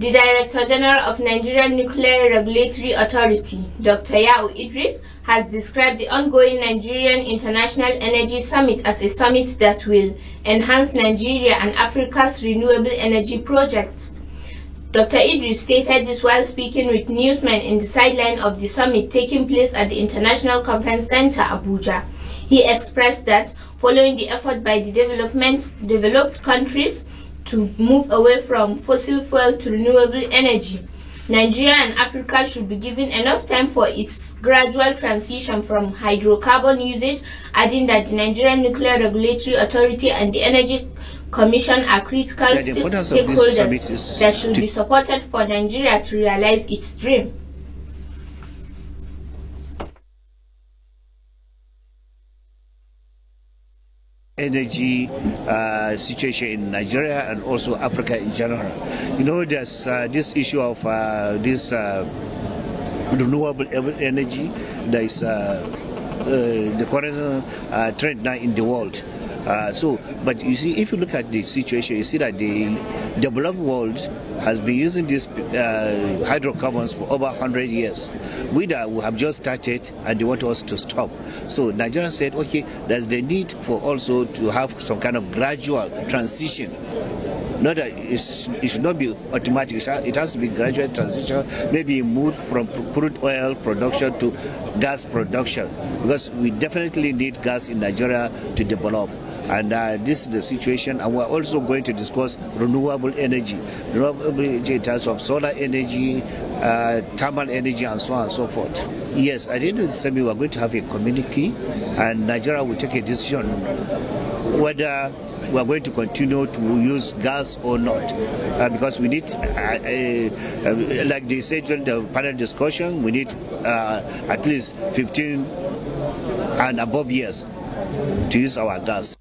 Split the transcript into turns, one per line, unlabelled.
The Director General of Nigerian Nuclear Regulatory Authority, Dr. Yao Idris, has described the ongoing Nigerian International Energy Summit as a summit that will enhance Nigeria and Africa's renewable energy project. Dr. Idris stated this while speaking with newsmen in the sideline of the summit taking place at the International Conference Center, Abuja. He expressed that following the effort by the development, developed countries to move away from fossil fuel to renewable energy. Nigeria and Africa should be given enough time for its gradual transition from hydrocarbon usage, adding that the Nigerian Nuclear Regulatory Authority and the Energy Commission are critical yeah, stakeholders that should be supported for Nigeria to realize its dream.
energy uh, situation in Nigeria and also Africa in general. You know, there's uh, this issue of uh, this uh, renewable energy that is uh, uh, the current trend now in the world. Uh, so, but you see, if you look at the situation, you see that the developed world has been using these uh, hydrocarbons for over 100 years. We that we have just started and they want us to stop. So Nigeria said, okay, there's the need for also to have some kind of gradual transition not that it should not be automatic. It has to be gradual transition. Maybe move from crude oil production to gas production because we definitely need gas in Nigeria to develop. And uh, this is the situation. And we're also going to discuss renewable energy, renewable energy in terms of solar energy, uh, thermal energy, and so on and so forth. Yes, at the end of the summit, we're going to have a communique, and Nigeria will take a decision whether we are going to continue to use gas or not uh, because we need, uh, uh, like they said during the panel discussion, we need uh, at least 15 and above years to use our gas.